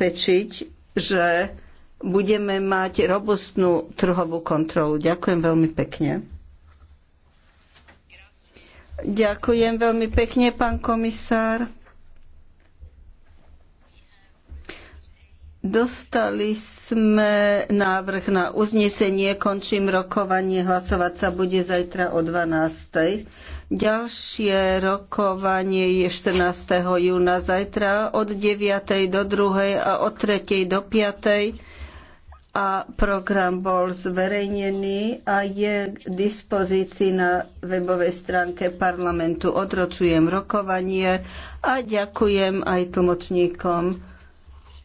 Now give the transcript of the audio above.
zabezpečiť, že budeme mať robustnú trhovú kontrolu. Ďakujem veľmi pekne. Ďakujem veľmi pekne, pán komisár. Dostali sme návrh na uznesenie, končím rokovanie, hlasovať sa bude zajtra o 12. Ďalšie rokovanie je 14. júna zajtra od 9. do 2. a od 3. do 5. A program bol zverejnený a je k dispozícii na webovej stránke parlamentu. Odročujem rokovanie a ďakujem aj tlmočníkom.